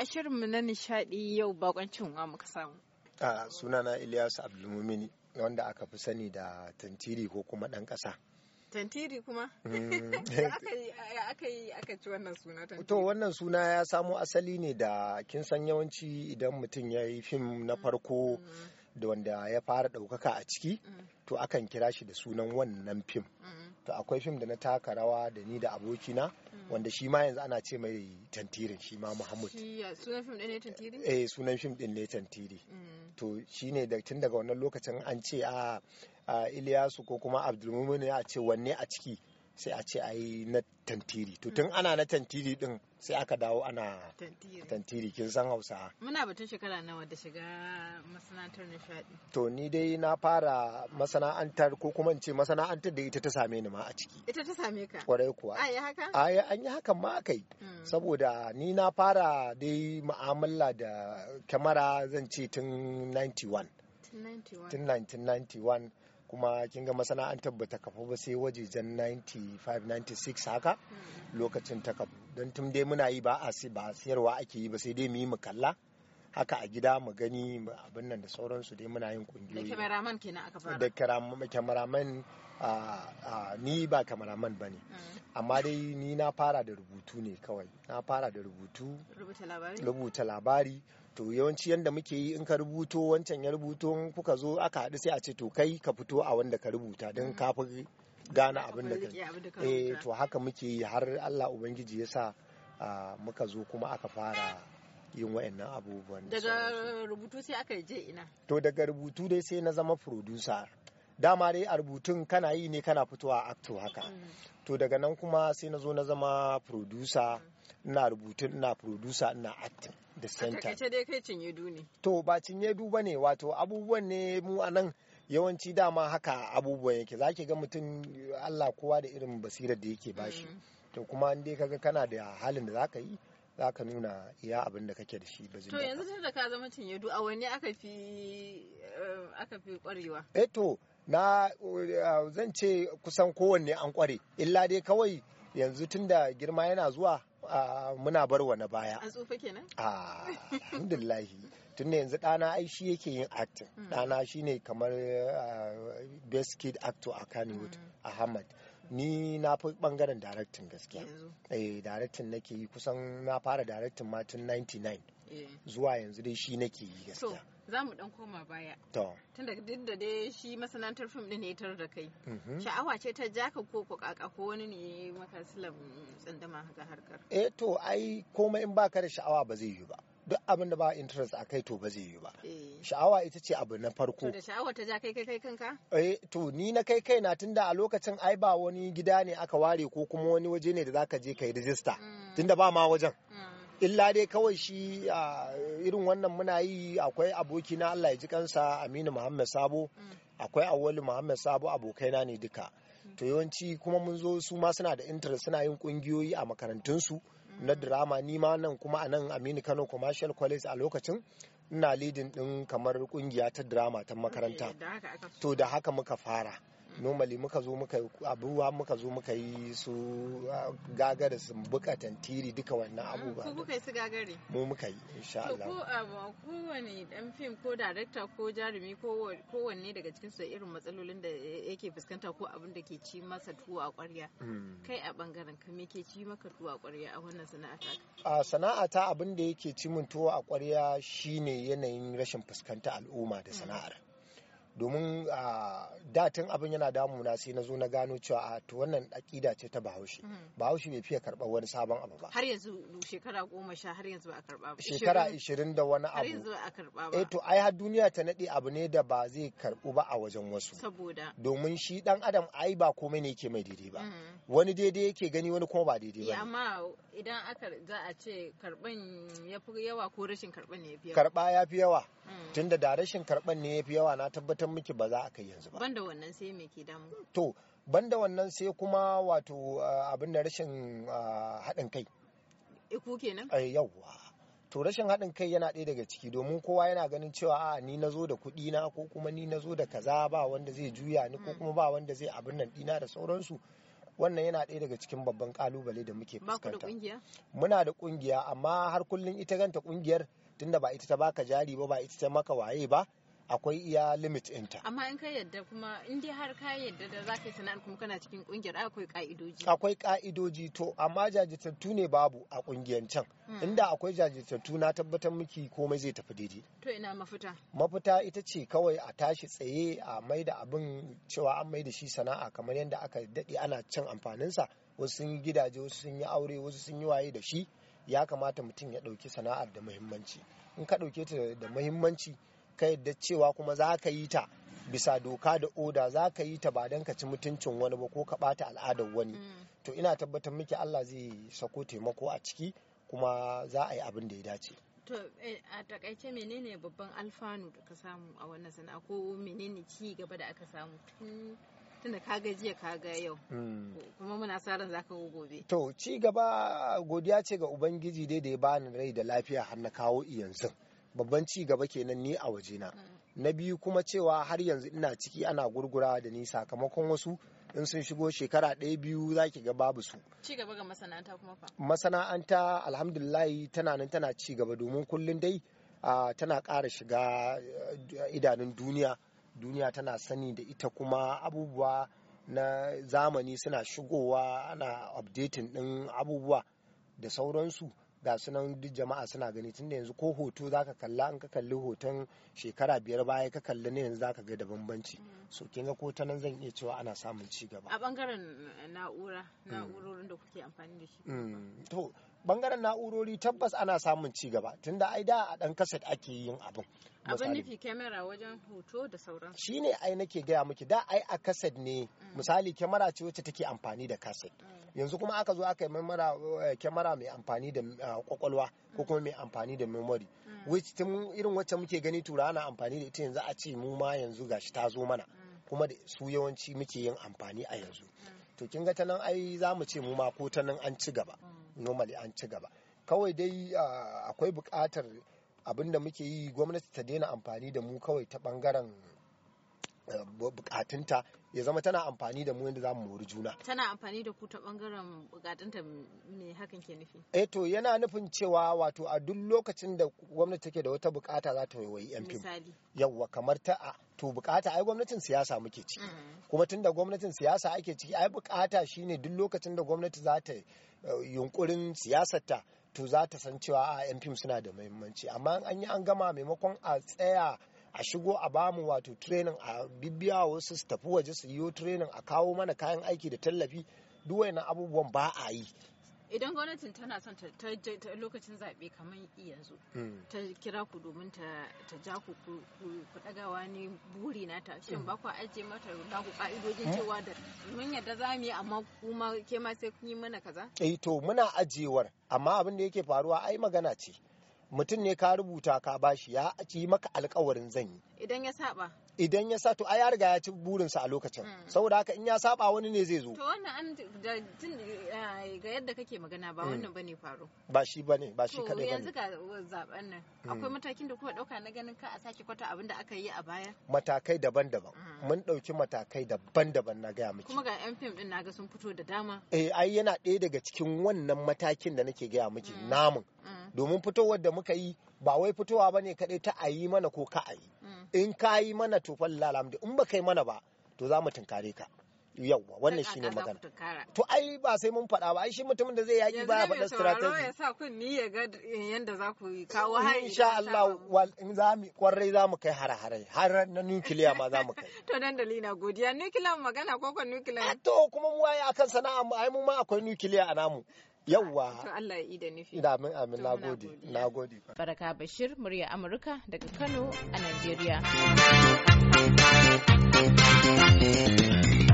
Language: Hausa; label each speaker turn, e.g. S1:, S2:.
S1: a shirinmu na nishadi yau bakon wa muka samu.
S2: A sunana ilias Abdulmumini wanda aka fi sani da tantiri ko kuma ɗan ƙasa.
S1: Tantiri kuma?
S2: Mm.
S1: aka yi aka ci wannan suna tantiri. To
S2: wannan suna ya samo asali ne da kin san yawanci idan mutum ya yi fim na farko. Mm. da wanda ya fara ɗaukaka a ciki mm. to akan kira shi da sunan wannan fim mm. to akwai fim da na taka rawa da ni da abokina mm. wanda shi ma yanzu ana ce mai tantirin shi ma muhammad
S1: sunan fim ɗin ne tantiri eh
S2: sunan fim ɗin ne tantiri to shine tun daga wannan lokacin an ce a iliyasu ko kuma abdulmumin ya ce wanne a ciki sai a ce a yi na tantiri to tun ana na tantiri din sai aka dawo ana tantiri kin san hausa
S1: muna batun shekara nawa da shiga masana'antar nishadi.
S2: To ni dai na fara masana'antar ko kuma ce masana'antar da ita ta same ni ma a ciki.
S1: Ita ta same ka?
S2: Kwarai kuwa. A yi haka? A yi an yi hakan ma aka yi. Hmm. Saboda ni na fara dai mu'amala da kyamara zan ce tun 91. Tun 1991. kuma kin ga masana'antar ba ta kafu ba sai wajejen 95-96 haka hmm. lokacin ta kafu don tun dai muna yi ba a ba siyarwa ake yi ba sai dai mu yi mu kalla haka a gida mu gani abin nan da sauransu dai muna yin kungiyoyi da kameraman kenan ni ba kameraman ba ne mm. amma dai ni na fara da rubutu ne kawai na fara da rubutu rubuta labari to yawanci yadda muke yi in ka rubuto wancan ya rubuto kuka zo aka haɗu sai a ce to kai ka fito a wanda ka rubuta don mm. kafi gane abin da ka eh, rubuta to haka muke yi har Allah ubangiji ya sa muka zo kuma aka fara yin wa'annan abubuwan
S1: daga rubutu sai aka je ina
S2: to daga rubutu dai sai na zama producer dama dai a rubutun kana yi ne kana fitowa acto haka mm. to daga nan kuma sai na zo na zama producer ina rubutun ina producer ina acting da center
S1: a dai kai cinye du ne
S2: to ba cinye du bane wato abubuwan ne mu anan yawanci dama haka abubuwan yake zaki ga mutum Allah kowa da irin basirar da yake bashi mm. to kuma in dai kaga kana da halin da zaka yi za ka nuna iya abin da kake da shi ba to yanzu
S1: tun da ka zama yadu a wani aka fi eh, aka fi kwarewa
S2: eh to na eh, zan ce kusan kowanne an kware illa dai kawai yanzu tun da girma yana zuwa muna barwa na baya a tsufa kenan alhamdulillah tun yanzu ɗana ai shi yake yin acting hmm. ɗana shine kamar eh, best kid actor a Kannywood hmm. Ahmad ni na fi bangaren daraktin gaskiya eh daraktin nake yi kusan na fara daraktin ma tun 99 eh. zuwa yanzu dai shi nake yi gaskiya
S1: za mu dan koma baya to tun da duk da dai shi masana'antar fim din ne tar da kai
S2: mm-hmm. sha'awa
S1: ce ta jaka ko ko kaka ko wani ne maka silam tsandama ga harkar eh
S2: to ai komai in baka da sha'awa ba zai yi ba duk abin da ba interest a kai to ba zai yi ba eh. sha'awa ita ce abu na farko to da
S1: sha'awa ta ja kai kai kai kanka
S2: eh to ni na kai kai na tunda a lokacin ai ba wani gida ne aka ware ko kuma wani waje ne da zaka je kai register mm. tunda ba ma wajen mm. illa dai kawai shi irin wannan muna yi akwai aboki na Allah ya ji kansa Aminu Muhammad Sabo mm. akwai Awali Muhammad Sabo abokaina ne duka to yawanci kuma mun zo su ma suna da interest suna yin kungiyoyi a makarantunsu su na drama ni ma nan kuma a nan Aminu Kano Commercial College a lokacin ina leading din kamar kungiya ta drama ta makaranta to da haka muka fara normally muka zo muka abubuwa muka zo muka yi su uh, gagara su bukatan tiri duka wannan ah, abubuwa ku
S1: kuka yi su gagare
S2: mu muka yi insha Allah ko
S1: uh, kowane dan fim ko director ko jarumi ko kowanne daga cikin su irin matsalolin da yake fuskanta ko abin da ke ci masa tuwo a ƙwarya hmm. kai a bangaren ka me ke ci maka tuwo a ƙwarya a wannan sana'a
S2: ta sana'a ta abin da yake ci mun tuwa a shine yanayin rashin fuskanta al'umma da sana'ar domin datin abin yana damuna sai na zo na gano cewa a to wannan akida ce ta bahaushe hmm. bahaushe bai fiye karɓar wani sabon abu ba har
S1: yanzu shekara goma sha har yanzu ba a karɓa ba shekara
S2: ishirin da wani abu har yanzu ba
S1: a karɓa ba eh to
S2: ai har duniya ta naɗe abu ne da ba zai karɓu ba a wajen wasu saboda domin shi dan adam ai ba komai ne yake mai daidai ba hmm. wani daidai yake gani wani kuma ba daidai ba eh,
S1: amma idan aka za a ce karɓan ya fi yawa ko rashin karɓan ne ya fi yawa
S2: karɓa ya fi yawa hmm. tunda da rashin karɓan ne ya fi yawa na tabbatar tabbatar miki ba za a kai yanzu ba
S1: banda wannan sai me ke damu
S2: to banda wannan sai kuma wato ah, abin da rashin ah, haɗin kai iku e, kenan eh, yawwa to rashin haɗin kai yana ɗaya daga ciki domin kowa yana ganin cewa a ah, ni na zo da kuɗi na ko kuma ni na zo da kaza ba wanda zai juya ni ko mm. kuma ba wanda zai abin nan ɗina da sauransu wannan yana ɗaya daga cikin babban kalubale da muke fuskanta muna da kungiya amma har kullum ita ganta kungiyar tunda ba ita ta baka jari ba ba ita ta maka waye ba akwai iya limit ɗinta.
S1: Amma in ka yadda kuma in dai har ka yadda da za ka yi sana'ar kuma kana cikin kungiyar akwai ka'idoji.
S2: Akwai ka'idoji to amma jajirtattu ne babu a can. Hmm. Inda akwai jajirtattu na tabbatar miki komai zai tafi daidai.
S1: To ina mafita.
S2: Mafita ita ce kawai a tashi tsaye a mai da abin cewa an mai da shi sana'a kamar yadda aka daɗe ana cin amfaninsa wasu sun yi gidaje wasu sun yi aure wasu sun yi waye da shi ya kamata mutum ya ɗauki sana'ar da muhimmanci in ka ɗauke ta da muhimmanci ka yadda cewa kuma za ka yi ta bisa doka da oda za ka yi ta ba don ka ci mutuncin wani ba ko ka ɓata al'adar wani mm. to ina tabbatar miki Allah zai sako taimako a ciki kuma za a yi abin da ya dace
S1: to eh, a takaice menene babban alfanu da ka samu a wannan sana'a ko menene ci gaba da aka samu da ka ga jiya ka ga yau mm. kuma muna sa ran zaka gobe
S2: to ci gaba godiya ce ga ubangiji dai da ya bani rai da lafiya har na kawo yanzu babban ci gaba kenan ni a waje na mm. Na biyu kuma cewa har yanzu ina ciki ana gurgura da ni sakamakon wasu in sun shigo shekara ɗaya biyu za ki ga babu su
S1: ci gaba ga masana'anta kuma fa
S2: masana'anta alhamdulillah tana nan tana ci gaba domin kullum dai tana ƙara shiga eh, idanun duniya duniya tana sani da ita kuma abubuwa na zamani suna shigowa ana updating ɗin abubuwa da sauransu ga sunan duk jama'a suna gani tunda yanzu ko hoto zaka kalla in ka kalli hoton shekara biyar baya ka kalli ne yanzu zaka ga da bambanci so kin ko ta nan zan iya cewa ana samun ci gaba
S1: a bangaren na'ura mm. na'urorin da kuke amfani da shi
S2: mm. to bangaren na'urori tabbas ana samun ci gaba tunda ai da a dan kaset ake yin abin abin nufi
S1: kyamara wajen hoto da sauran shine
S2: ai nake gaya miki da ai a kaset ne mm. misali kyamara ce wacce take amfani da kaset mm. yanzu kuma aka zo aka yi kamera eh, mai amfani da eh, kwakwalwa ko kuma mai amfani da memory mm. which tun irin wacce muke gani tura ana amfani da ita yanzu a ce mu ma yanzu gashi ta zo mana kuma da su yawanci muke yin amfani a yanzu to kin ga ta nan ai za mu ce mu ma ko ta nan an ci gaba normally an ci gaba kawai dai akwai bukatar abin da muke yi gwamnati ta daina amfani da mu kawai ta ɓangaren bukatunta ya zama tana amfani da mu yadda za mu mori juna.
S1: Tana amfani da ku ta bangaren bukatunta me hakan ke nufi?
S2: Eh to yana nufin cewa wato a duk lokacin da gwamnati take da wata bukata za ta waiwayi yan fim. Misali. Yawwa kamar ta a to bukata ai gwamnatin siyasa muke ciki. Mm-hmm. Kuma tun da gwamnatin siyasa ake ciki ai bukata shine duk lokacin da gwamnati za ta eh, yunkurin ta to za ta san cewa a yan fim suna da muhimmanci amma an yi an gama maimakon a tsaya a shigo a bamu wato training a bibiya wasu su tafi waje su yi training a kawo mana kayan aiki da tallafi duk na abubuwan ba a yi
S1: idan gwamnatin tana son ta lokacin zaɓe kamar yanzu hmm. ta kira ku domin ta ja ku ku ɗagawa ne buri na ta shin ba ku ajiye mata da ku ka'idojin hmm. cewa da mun yadda za mu yi amma kuma ke sai kun yi mana kaza
S2: eh to muna ajiyewar amma abin da yake faruwa ai magana ce mutum ne ka rubuta ka bashi ya ci maka alkawarin zan yi
S1: idan ya saba
S2: idan ya sa to ai ya riga ya ci burinsa a lokacin hmm. saboda haka in ya saba wani ne zai zo to
S1: wannan an da tun eh, ga yadda kake magana ba hmm. wannan bane faro
S2: ba shi bane ba shi kadai bane yanzu
S1: ga zaben nan hmm. akwai matakin da kuma dauka na ganin ka a sake kwata abin da aka yi a baya
S2: matakai daban-daban mun dauki matakai daban-daban na gaya miki
S1: kuma ga yan fim din naga sun fito da dama
S2: eh ai yana ɗaya daga cikin wannan matakin da nake gaya miki namun domin fitowar da muka yi ba wai fitowa bane kadai ta ayi mana ko ka ayi in ka yi mana to alhamdu in ba kai mana ba to za mu tunkare ka ba wannan shine magana to ai ba sai mun faɗa ba ai shi mutumin da zai yaki ba ya faɗa strategy ya
S1: sa ni ya ga yanda za ku kawo hari insha Allah
S2: wal in za mu kwarai za mu kai har harai har na nuclear ma za mu kai
S1: to dan dalina godiya nuclear magana ko ko nuclear
S2: to kuma mu waye akan sana'a mu ai mu ma akwai nuclear a namu yawwa to
S1: Allah ya yi da nufi
S2: da amin amin nagode nagode
S1: baraka bashir murya amurka daga kano a nigeria